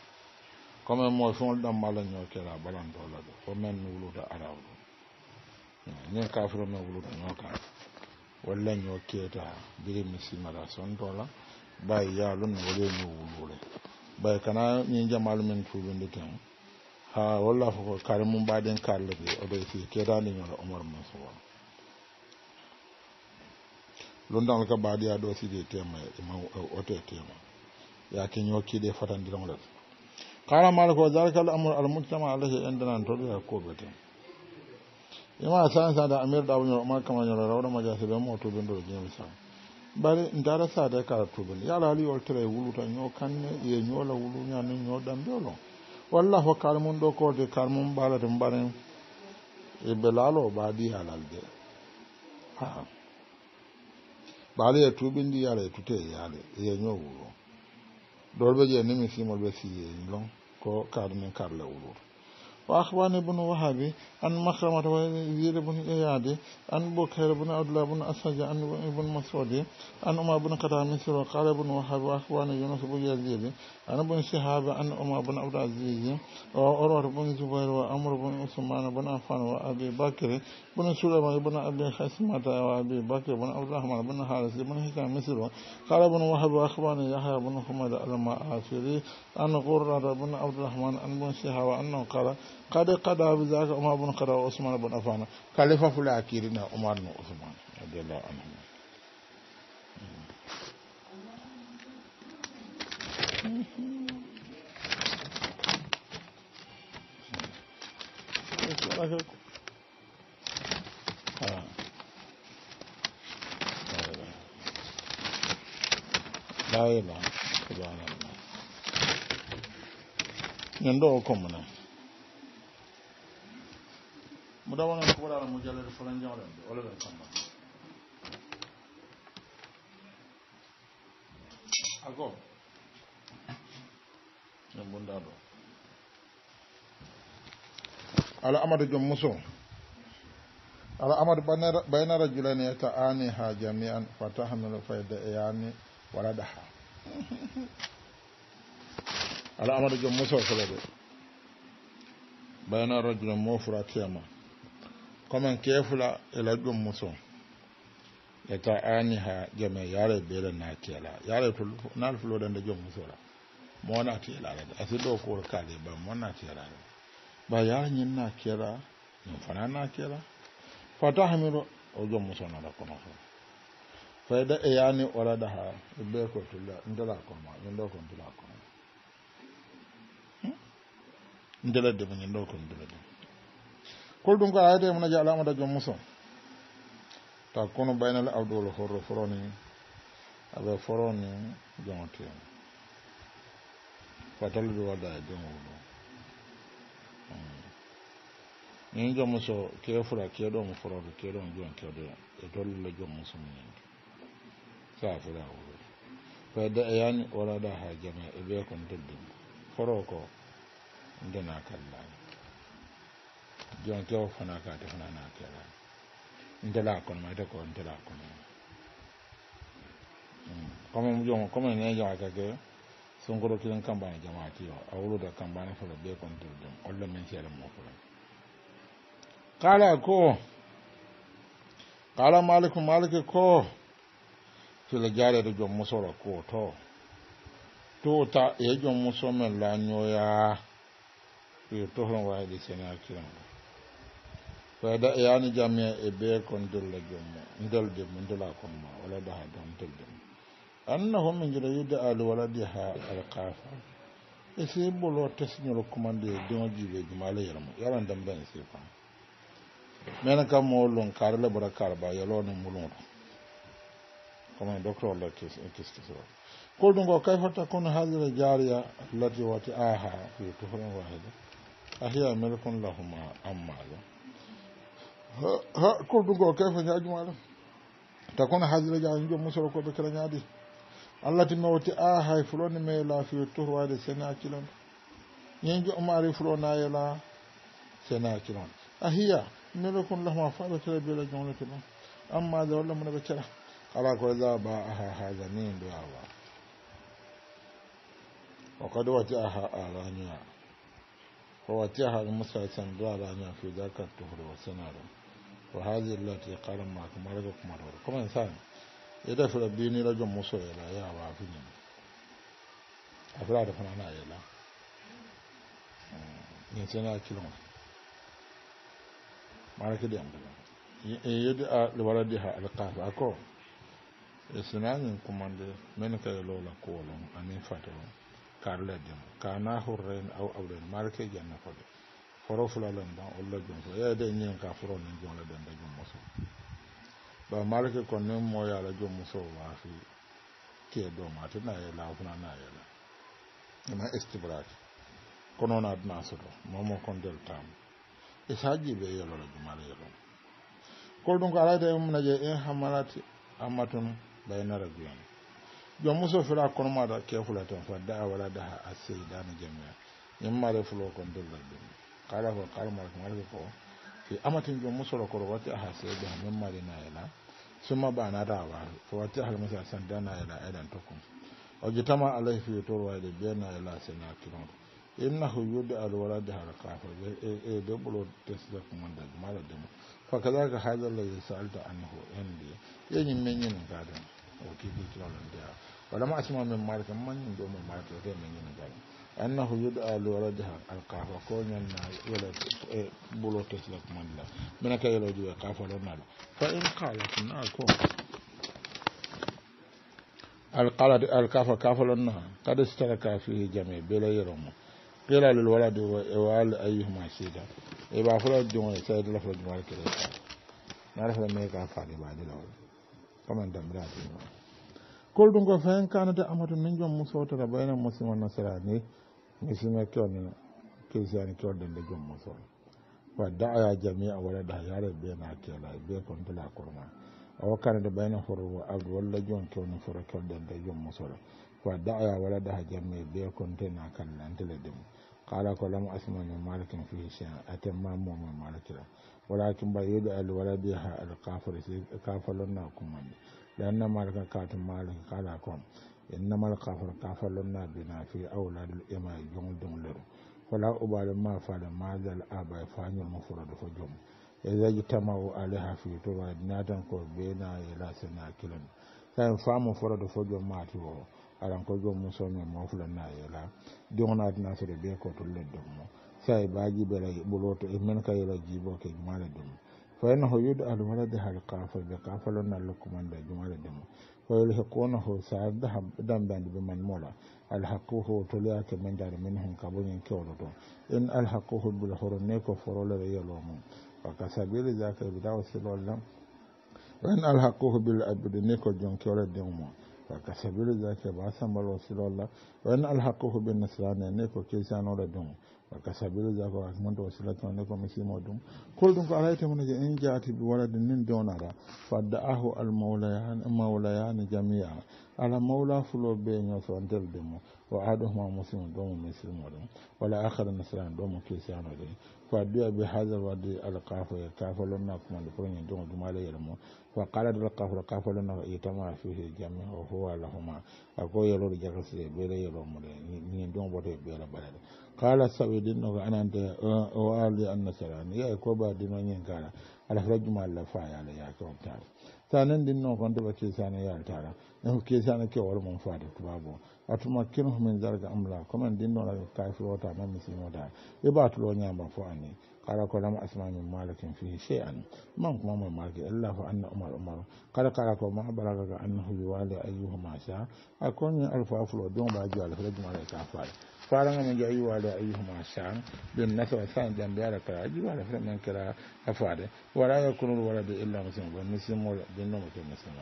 comme mo fon dam mala ñoo kera balando la do fo men wuluda arab ñe kafiru me wuluda ñoo ka walla ñoo keta biri misimala son tola bay yalun wole ñoo wulule bay kana ñi jamal men tuubindi tan ha ah, walla fofo kare mum mbaɗen kallude oɗo si keɗaniñola omar mansowa lundan ka do ɗo de tema ma te tema ya ke nyo ki de fatan ñokkiɗe fatandirolet kala mal ko dalika al amre al mujtama alahi alayhi indanan toɗo ko beta ima san da amir da bunyo ɗaɓuñol omar kamañolo rawɗama jasiɓe mo tuɓinɗo mi san bari ndara sa da ka ya la li yala ali oltere wuluta ño kanne ye ne ñola wuluñani lo walla hokkare mum ɗo kode kar mum ɓalete e ba eɓe laalo o mbaadi halalde aa ɓaali e tuɓindi yaala e tute e yaale yeño wuro ɗolɓe je nimisimoɓe si yeñi lon ko kaadu karle wuruto وأخبرني ابن وهب أن مخرمة وزير بن إيادي أن بكير بن عبد الله بن أسد عن ابن مسعود أن أمر بن قطع مصر قال ابن وهاب وأخبرني يونس بن يزيد أن ابن شهاب أن أمر بن عبد العزيز وعروة بن زبير وعمر بن عثمان بن عفان وأبي بكر بن سليمان بن أبي خسمة وأبي بكر بن عبد الرحمن بن حارث بن هشام مصر قال ابن وهاب وأخبرني يحيى بن حمد المعافري أن قرة بن عبد الرحمن عن بن شهاب أنه قال قد قضى بذلك عمر بن الخطاب وعثمان بن عفان كلفة فلاكيرنا عمر بن عثمان رضي الله عنهما لا يلا سبحان الله من دو mu dawa noon kuɓaraala mu jalede fola jawlen de ole ɗen samma a goo en bunda ɗo ala amadou jom muso ala amadou baynara julani eta ani ha jami an fa tahamilu fayda eyani wala daha ala amadou jom muso solo de bayna rajulan mo furatiyama kwanan ke fula ɗum musu ya ta ani ha jome yare bele na kela yare nal fuloɗen de joom musora monati elarade da ɗo kor kaali ba mona monnati elarade ba yara yin na kela yin fana na kela fata hamiru o joom musonata kono fo fayda e yani da ha ibe ko tulla ndela koma ñin ɗo ko ndela koma hmm? ndela dema ñin ɗo ko ndela kol ɗum ko ayade munaji alamada joom muso ta kono baynal awdol horro foroni aɓe foroni mo hmm. e e kon foro ko ndena jon kewo fana kate fana na kera ntela konoma ko ntela konoma comme jon comme ne jaka jamaati a ko kala maliku maliki ko sila jareɗo jom musoro ko to tota e jom muso men fayda e e yaani jamme e bee kon dolla jomma ndol dimma ndola kon ma wala daha dam tol dimma annahu min jira yidde aali wala di ha alkaafa e see bolo tesñolo commande dio jiweji ma ala yerma yalan dam dan e see fan mene kam moo lon kaare la bara kaar ba yaloo ne mulonto comme docteur la kis kis wa kuldu ngo kay hotta kono haadira jaariya lati wati aha fi tufran wahida ahiya melkon lahuma amma la ha kurdugo kefe ñaaju maɗa takon hajira jaani jom musoro koɓe kira ñaadi allah ti mawti a ah, hay fuloni me laafiyo torwade sene hakkilon ñin jo maari e fulo nayela sene hakkilon a ah, hiya melo kon lahma faɓe kira biyela jonglete ɗum amma da walla munaɓe kira ala ko e za ba aha ah, haja ni ɓe awa o kadi wati aha arañoya ko wati aha musa e sen do arañoya fi dakar tohoro senaro wa hadhihi allati qala ma kuma da kuma insan idan su rabbi ni rajul musul ila ya wa fi ni afra da fana na ila ni sai na kilo maraka da yamba yadda liwaradiha alqaf ako sinanin kumande men ka lola kolon anin fato karla dem au auren foro fulalen ban olla jom so ya de nyen ka foro ni jom la ben da jom ba malike kon ne mo ya la jom muso wa fi ke do ma na ya la kuna na ya la ina istibrak kono na dna so do momo kon del tam e saji be yelo la jom ala yelo ko dun ka ala de mun na je en hamalati amatun bayna rajulan jom muso fira kono ma da ke fulatan fa da wala da ha asai da ni jami'a in mare fulo kon del la jom karafa karmar kuma ko ke amatin jin musu rakwar wata a hasa yadda hannun mari na yana sun ma ba na da ba ta wata halmasa san dana ya da aidan ta kun oge ta ma alai fiye torwa da biya na yana sai na kiran in na huyu da alwara da haraka a farbe a e, a e, dubulo ta su da kuma da mara da mu fa ka za ka hajar da ya sa'ar da an ho yan da ya yin yin min yin gadon a wakilin kiran da ya wadda ma a cimma min mara kan man yin domin mara ta zai min yin gadon annahu yud'a li waladiha alqafa ko ñanna wala e bulo tesla kumandila mina ka yelo juwe kafa lo nala fa in qalat ko alqalat alkafa kafa lo na kad istaraka fihi jami bela yeromo qila lil waladi wa al ayyuhuma sida e ba fula jumo sai la fula jumo kele na la fula me ka fa ni ba ni lawo kaman dambira min musulmi kyoni kiristiyani kyoni dinde jom musol wa ya jami a wala da yare be na kela be kon tula kurma A wakar da bayna furu wa ag wala jom kyoni furu kyoni dinde jom musol wa ya wala da jami be kon tena kan nan tele dim qala ko lam asma min malikin fi shay'a atamma mu min malikira walakin ba yadu al waladiha al kafir kafalun na kuma lanna malika katin malika kala ko innama alkafar kafalon na bina fi aula ima jong dong lero fala ubalin ma fala ma zal aba fanyol mafura da fa jom ya zagi tamawo aliha fi to ba dinatan ko bena ya lasa na kilan kan famu fura da fa jom ma ti wo alan ko jom mun so ne mo fula na ya la jong na na fi be ko to le dum mo sai baji bela buloto e men kay la jibo ke mala dum fa innahu yud'al walad hal qafa bi qafalun lakum an da jumala dum ويلحقونه سعدهم دم بمن مولى الحقوه تلياك من دار منهم كابون كيولتو إن الحقوه بالحرنيك فرول ريالوم وكسبيل ذاك بداو سلولم وإن الحقوه بالأبدنيك جنكيول ديومون وكسبيل ذاك باسم الله سلولا وإن الحقوه بالنسران نيكو كيسانو لدوم ka sabila jako ak mun to ne ko misimo dum kol dum ko alayta je en jaati bi waladin nin donara fadda'ahu al mawlayan mawlayan jami'a ala mawla fulo be nyo so ndel dum wa aduhuma muslimu dum muslimu dum wala akhar nasran dum kristiyano dum فبيع بهذا الواد القاف القاف لنا كما لفرن دون دمال يرمو فقال القاف القاف لنا يتما فيه جميع kala saɓe ɗinɗo ko ananta o ali annasarani yayi ko ba dino ñin kala ala rajuma allah faya ala yake on taala sanen ɗinɗon kon toɓa kesane yaltara en kesane kewol mon fade tubabo atuma kinoh min darga amla commen ɗinɗon kafirota ma misimota e batulo ñamba fo ani kala ko lam asma min malikin fihi shay'an man kuma man maki illa fa anna umar umar kala kala ko ma balaga ga annahu yuwali ayyuhuma sha akon alfa fulo don ba ji alfa rajuma ala kafara faranga men jayi wala ayyuhuma shan bin san dan kara ji wala kara afade wala wala bi illa muslim wa muslim wala bin no muslim muslim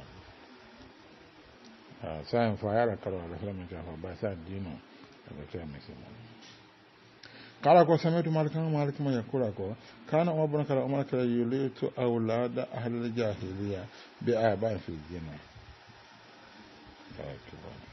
ah san fa kara wala ba dino da ta kala ko samitu malikan malik ko kana umar kara umar kara yulitu ahli jahiliya bi aban fi jinna Thank you.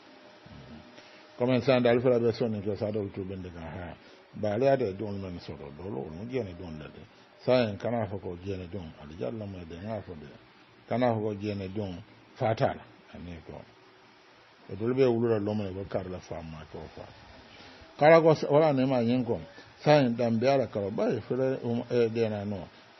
comme sande alfulaɓe sonni to sa ɗol tuɓende kan ha baaleyade e ɗon men soɗo ɗolo ono jiyani ɗon ɗade sa en kana fo ko jiyani ɗon aɗa jallama de ga fo de kana fo ko jiyani ɗon fatala ani ko e wulura ko karla ko fa kala ko wala nema ñin kon sa en fere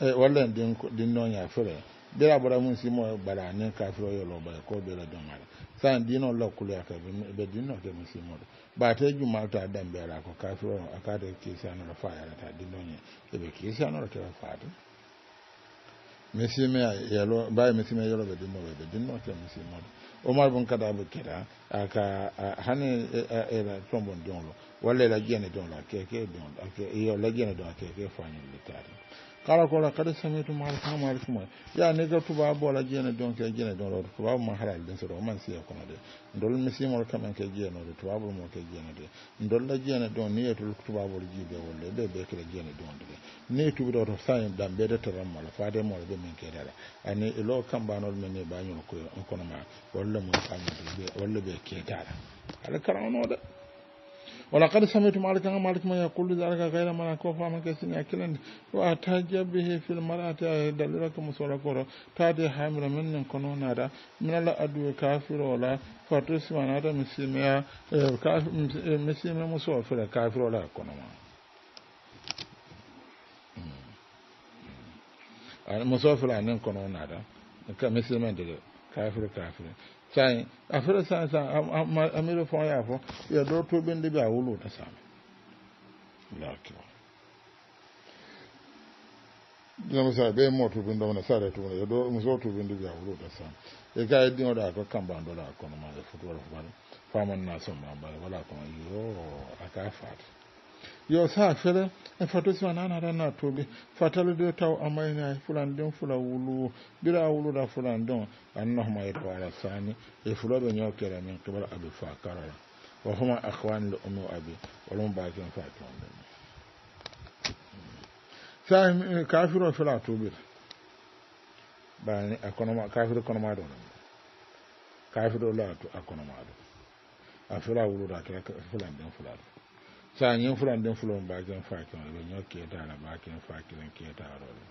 e fere bera bara mun si mo bara ne kafiro yolo ba ko bera domara san dino lokule aka be dino ke mun si mo ba te juma ta dan bera ko kafiro aka e da ke sanu da fayara ta dino ne e be ke sanu da ta fatu mesime yalo ba mesime yalo be dino be dino ke mun si mo omar bun kada bu kira aka hani era tombon donlo wala la gene donlo ke ke donlo ke e yo la gene donlo ke ke fanyi litari kala kola kada sametu mahal kama al kuma ya ne ga tuba bola jene don ke jene don rodo tuba ma halal den soro man siya kuma de ndol mi simo ka kama ke jene do tuba bo mo ke jene de ndol la jene don ni etul tuba bo jibe wolle be be ke jene don de ne tubi do sayin dam be de taram mala fa de mo de min ke dala ani ilo kam banol men ne banyo ko on kono ma wolle mo kam be wolle be ke dala ala karawno da. ولقد سمعت مالك عن مالك ما يقول ذلك غير ما نكون فما كسن يكلن وأتعجب به في المرأة دليلك مصورة كورا تادي حامل من كنون هذا من الله أدوي كافر ولا فتوس من هذا مسلمية مسلمية مصورة في الكافر ولا كنون مصورة في الأنين كنون هذا كمسلمين دليل كافر كافر sai a fira sayin sayin amiru fon y'a fo ya do to bɛ n dibi a wolo ta sa jinamu sa bɛ mɔ tubi dɔ na sa yɛrɛ to ya do dɔ muso tubi dibi a wolo ta sa e ka ye o da ko kan ban do la ko kɔnɔ ma ye futu ba futu fa faama na sɔn ma ba wala ko yo aka fa yo saa fele e fato si wana nata na tobi fatalu de taw amayna e fulan den fula wulu bira wuluda fulan don annahuma yeto ala sani e fuloɓe ñoo kere min kibara abi fa karala wa huma akhwani li ummi abi walum bakin fa tonde sa e, kafiro fela tobira bani akonoma kafiro konoma do ɗum kafiro laato akonoma ɗo a fela wuluda kira fulan den fula sa ñin fulanden fulon bakin fakin ɓe ño ketala baken fakilen ketarole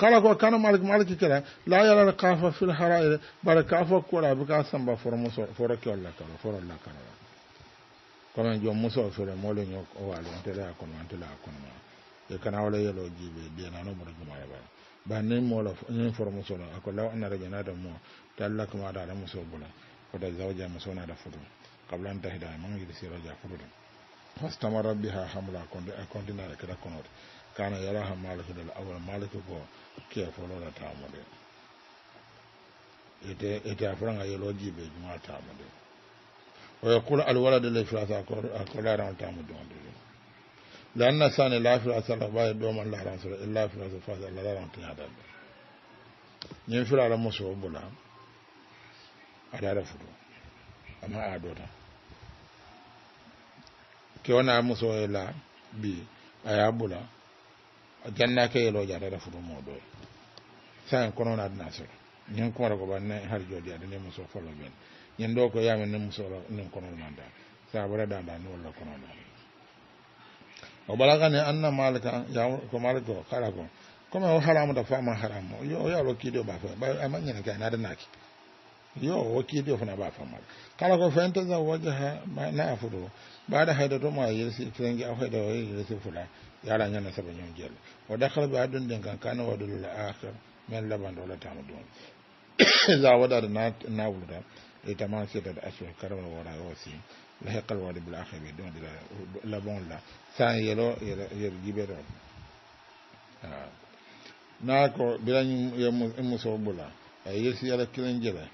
kala ko kana malik maliki kela la yarar kafa fil haraire bari kafa kura bi ka samba foro kewalla kala forolla kalala komin jom muso fere mole ño o walo ontela kono ontela ma e kana wala yelo na ɗenano mboɗo ya bara ba ni mola nin foro muso no ako law da janata mo talla kuma da muso bula ko da musu muso na da furu. kabla an tahida man yidi sira ja fudu fastama rabbiha hamla de kontina rek da konote kana ha malaka dal awal malaka ko ke folola ite ite afran ga yelo jibe juma tamode wa yaqulu al walad la filasa ko la ran tamode on de lanna sane la filasa la baye do man la ran sura illa filasa fa la ran tinada nyen filala muso bula ada da fudu amma a dota ke kewona musoye la bi a ye bula jannake yelo jatata futu moɗoye sahen konona adna soro ñin kumata ko ɓa ne har jodi ade ni muso folo ɓen ñin ɗo ko yamin ni musolo nin na manda sa ɓura danda ni walla kono na o balaga ɓalagani anna malika ya ko malika kala ko comme o da fama haramu yo ya lo kido o yaalo kiiɗo ɓa fe ama na kay nadanaki yo o kiiɗo ba ɓa famal kala ko fente zawajaha na afudo ba da haida ta mawa yarsi ta zangi a haida wa yarsi ta fula yara ne na saba yin jiyar wadda karbi hadin da kankanin wadda lalata mai laban da wadata mu don za a wadata na wadata da ita ma sai daga ashe karbar wadata wasi da da bulaha mai don da labon la san yalo ya rigi bai da na ko bilan yin musa wabula a yi yarsi ya rikirin jiyar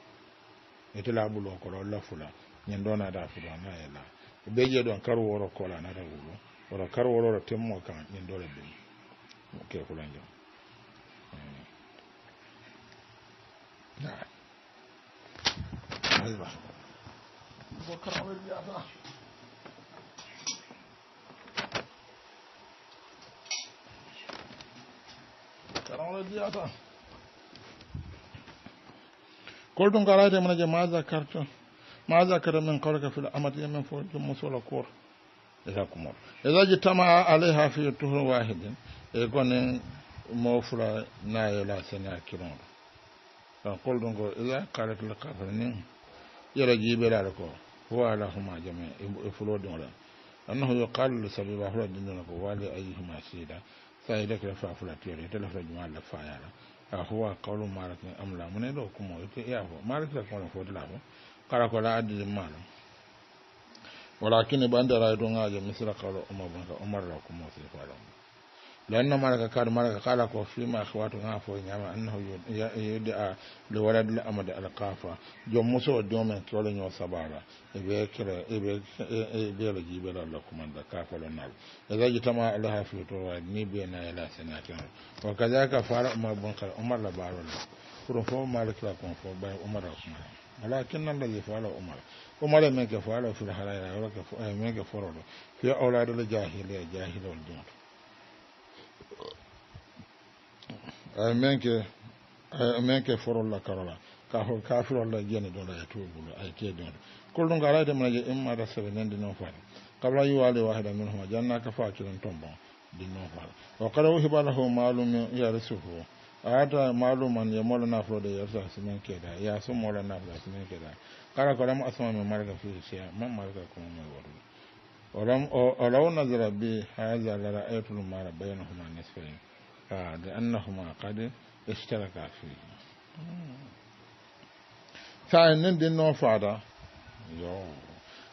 ita labulon kwaro lafula yin dona da fula na yala ɓe jeeɗon kar woro kolanata wuuro woro kar wororo temmo kan ɗin ɗole ɗum ke kulan jam aywa bokar amen mbiyata karan amen mbiyata koltum karate mana je ma zakartum ma za ka ramin kawarka fi a matsayin min fokin musu da kowar da ya kuma ya za ji ta ma a alai hafi ya tuhu wa hajjin ya yi gwanin mafura na ya lasa na kiran ba a kwallon ko ila kare fi lakafirnin ya ragi bai lalako wa alahuma jami'in ifilo don ran annan hujjo kalu da sabi ba hura jindana ko wale a yi hima da kira fafura teori ta lafura jima'a da fayara a huwa kawo marafin amla mune da hukumar wata iya hau marafin kawo da fodila ba karakwara adadin malam warakini ban da rayu ngaje misra karo umar ban umar ra kuma sai fara na maraka kar maraka kala ko fi ma akhwatu ha fo nyama annahu yud'a li walad al amad al qafa jom muso do men ko lo nyo sabara e be kire e be e be la jibe la la kuma da ka ko nal e ga jitama ala hafi fi to wa ni be na ila sanatin wa ka fara umar ban ka umar la baro ko fo malik ko fo ba umar ra kuma walakin nan da zai fara umar umar mai ke fara fil haraya yawar ke fara mai ke fara da fi aula da jahiliya jahiliya wal dunya ay men ke ay men ke foro la karola ka ho kafir wala jeni do la to bulu ay ke don kul dun gara de manaje imma da sabe nan dino fa qabla yuwali wahida minhum janna ka fa kiran tombo dino fa wa qara hibanahu malum ya rasuhu ayata man ya na maulana de ya sa su min keda ya sun maulana fulodo su min keda kara kwaram asma mai marga fi shi man marga kuma o wadu na zara bi haza la ra'aytul mara bainahuma nisfayn da annahuma qad ishtaraka fi sa nin din no fada yo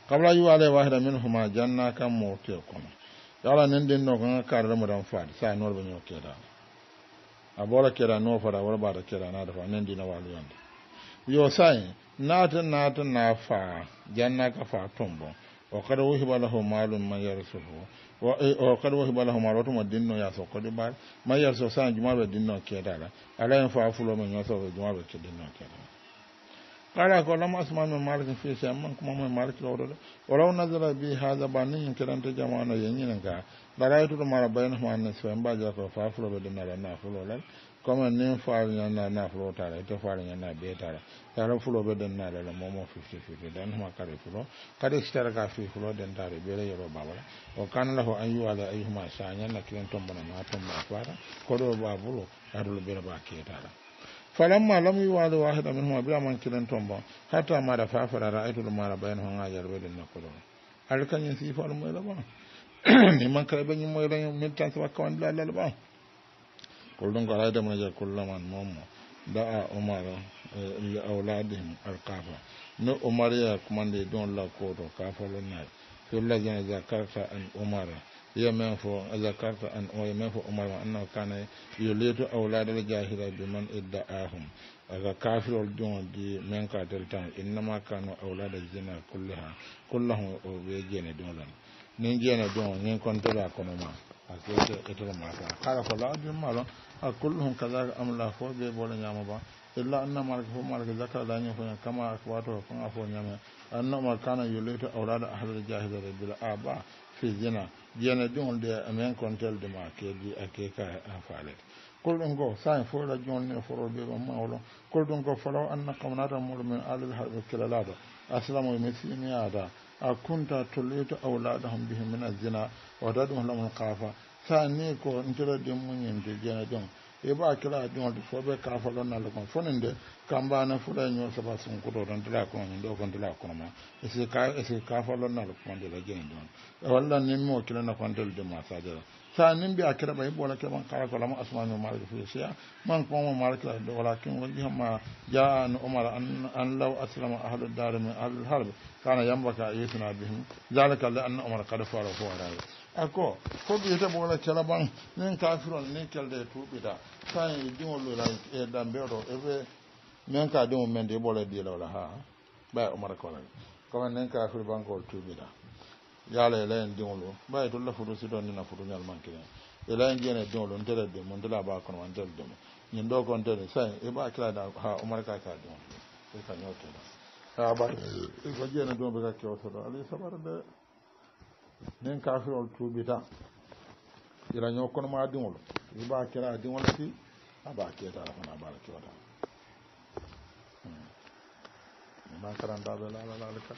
qabla yu ala wahida minhuma jannatan mutiqun yala nin din no kan karra mudan fada sai nor ban yo keda a bora kera no fara war ba da kera na da fa nan dina walu yanda yo sai na ta na fa janna ka fa tumbo wa kada wahi bala ho malum man yarsuhu wa eh, kada wuhi bala ho marotu madin no ya so kodi ba man yarsu san juma be dinno ke la ala yan fa fulo man yo so juma be ke dinno ke da قال لهم أسمع من مالك في سيما كما من مالك لورده ولو نزل بي هذا بانين كران تجمعنا ينينك برأيت لما ربينهما النسفين باجاك فافلو بدنا لنا فلو لن كما نين فارنا نا نا فلو تارا إتو فارنا نا بي تارا تارا فلو بدنا لنا مومو فيفتي فيفتي دان هما كاري فلو كاري اشتركا في فلو دن تاري بيلا يرو بابلا وكان له أن يوالي أيهما سانيا نكرين تنبنا ما تنبنا فارا كدو بابلو أدول بيربا كي تارا falamma lam yuwadu wahida minhum abila man kilen tombo hatta mara fafara ra'aytul mara bainahum ajar bedin nakolo alkan yin sifal moy la ba ni man kala ben moy la min tan sama kawan la la ba kul dun ko ala dem na je kul laman mom da'a umar eh, li awladihim alqafa no umar ya kumande don la ko to kafa lon na to la jana zakarta an umara iya men fo zakarta an o iya men fo umar ma annahu kana yulitu awladal jahila biman idda'ahum aga kafirol ɗum di men katel tan innama kano awlada jina kullaha kullahum o ɓe jeene ma akete etere mata kala ko laa ɗum maɗo a kulluhum kadaka amla fo ɓe ɓoɗo ñama ba illa annamalka fo malaka zakara dañi fo kama akwato ko fanga fo ñame annama kana yulitu awlada ahlal jahilata bila aba fijina jina jena ɗum de amen de ma di ake ka ah, a faalete kolɗum goo sahen fof ne jonni foroɓe ɓe mawlo kolɗum goo falaw anna kamnata muɗumen alal harɓe kilalaɗo aslamu misimiyada ada akunta tolloyto awladahum bihim min al zina wata ɗum lamon qafa sa ne ko ntira munyin de jena ɗum kira kila jumadu fo be ka falo na lokon nin de kamba na fula nyo saba sun kudo don dila ko ni do kon dila ko ma ese ka ese ka falo na lokon de la gen don walla ni mo kila na kon del de ma sa de sa ni bi akira bai bola ke man kala ma asma ma mal fi siya man ko ma mal kala do wala kin wajhi ma ja an umar an an law aslama ahlu dar min al harb kana yambaka yusna bihim zalika la an umar qad fara fu ako ko biyete ɓoola calaban nin tan e e ka diŋo men de ɓoola diilawla ha nin ntel ko sa e ha ka ka e ka ha ko ka de nin kafirol tuubita ila ñoo kono ma diŋol i b'a kera a diŋol ti a b'a keta ala fana a b'a la kewata hmm. man karanta bɛ la ka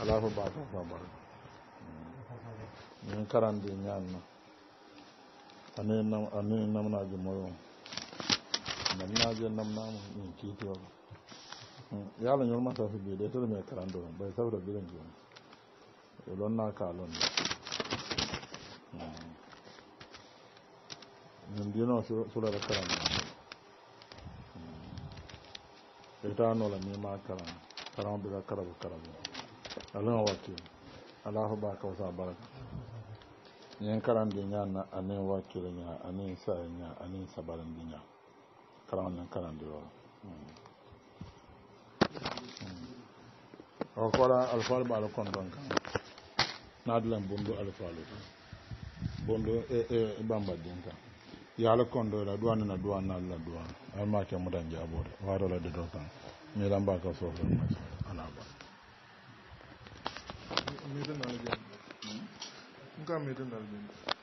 ala fo b'a fɔ fa bari karandi ñaan na ani ani namnaaji moyo namnaaje namnaama min kiitiyol hmm. yaala ñol ma safi bii de tele me karando bay sawra biren jooni yo lonna ka lonna min mbino sulata karan ɓeytanola mima karan karan ɓeɗa karabo karabo alama wakkil ala fo ba kawsa baraka ñin karandi ñana anin wakkile ña anin saye ña anin sabarandi ña karan nin karandi o o kola alfalba ala kon ɗon kan naɗulan bondo alfaluta bondo e eh, eh, bambadin kan yaala kondoyla duwane na duwan naalla duwan alma ke mutan jaabode waatola de ɗo kan miɗan mba ka sofrema ala ba